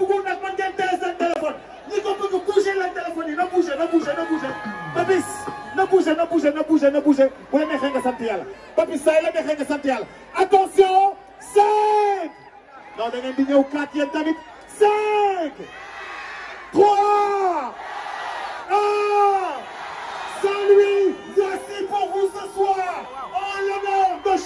bëggul nag man ngeen tere seen téléphone ñi ko bëgg bouger leen téléphone yi na bouger na bouger na bouger ba bis na bouger na bouger na bouger na bouger bu la neexee nga sant yàlla ba bis saa yi la neexee nga sant yàlla attention cinq non da ngeen di ñëw quatre yéen tamit cinq trois un Saint-Louis voici pour vous ce soir en oh, l'honneur de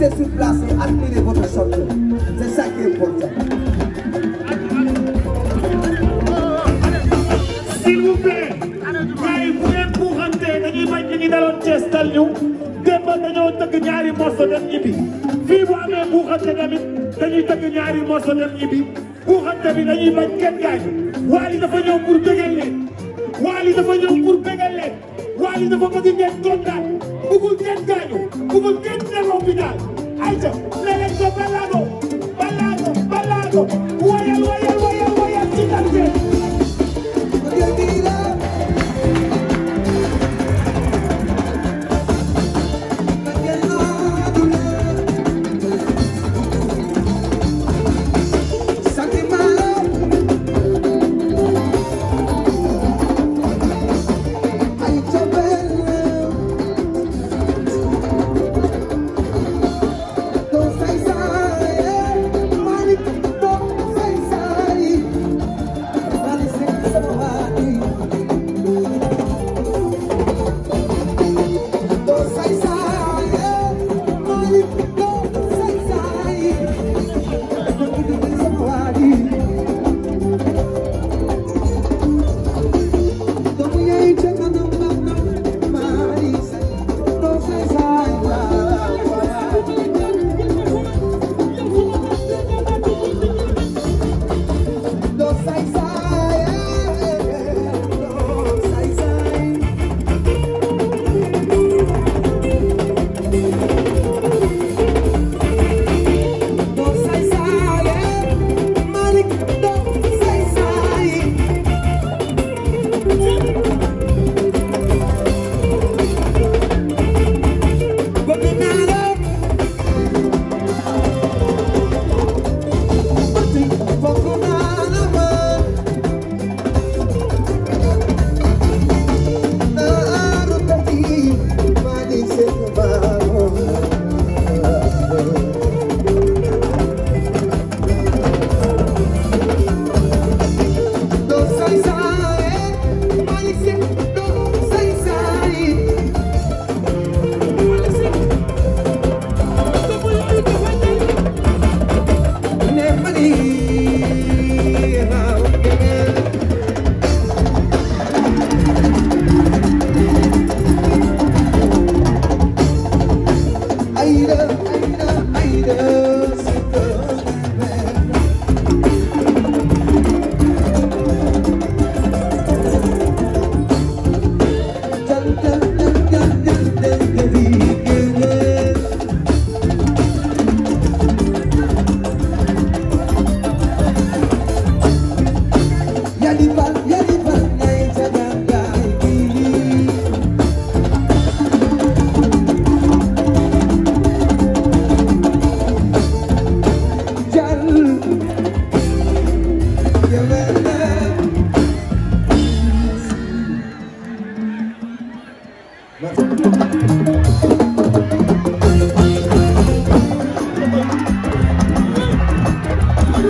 restez sur place et admirez votre chanteur. C'est ça qui est important. S'il vous plaît. gars yi bu ngeen puuxante dañuy bañ ñu ngi daloon Thiès dal ñu. démb dañoo tëgg ñaari morceau dem ñibbi. fii bu amee puuxante tamit dañuy tëgg ñaari morceau dem ñibbi. puuxante bi dañuy bañ kenn gaañu. Wally dafa ñëw pour bégal leen. Wally dafa ñëw pour bégal leen. Wally dafa bëgg ngeen kontaan. bëggul kenn gaañu bëggul kenn dem hôpital ayca leneen ko balaa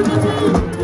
Thank you.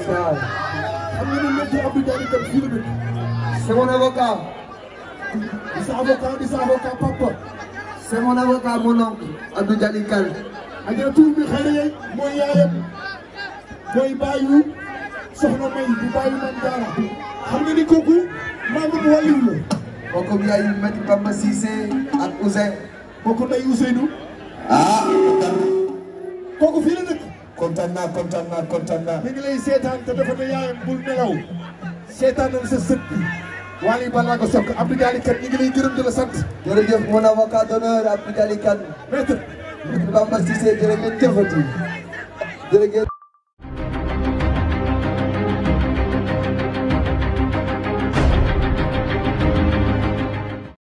ndeysaan xam nga ne métier Abdou Diagne itam fii la métti c'est mon avocat di sa avocat di sa avocat papa c'est mon mooy yaayam mooy baayu soxna may bu baayu man jaara xam nga ni kooku maamam wàlliw la kooku yaayu Mati Bamba Cissé ak Ousseyn kooku nday Ousseynou ah kooku fii kontaan naa kontaan naa kontaan naa. mi ngi lay seetaan te dafa ne yaayam bul nelaw seetaanal sa sët bi. Wally Ballago Seck Abdou Dialy Kane ñu ngi lay gërëm di la sant. jërëjëf mon avocat d'honneur Abdou Dialy Kane. maître. Bamba Cissé jërë ngeen jëfati jërë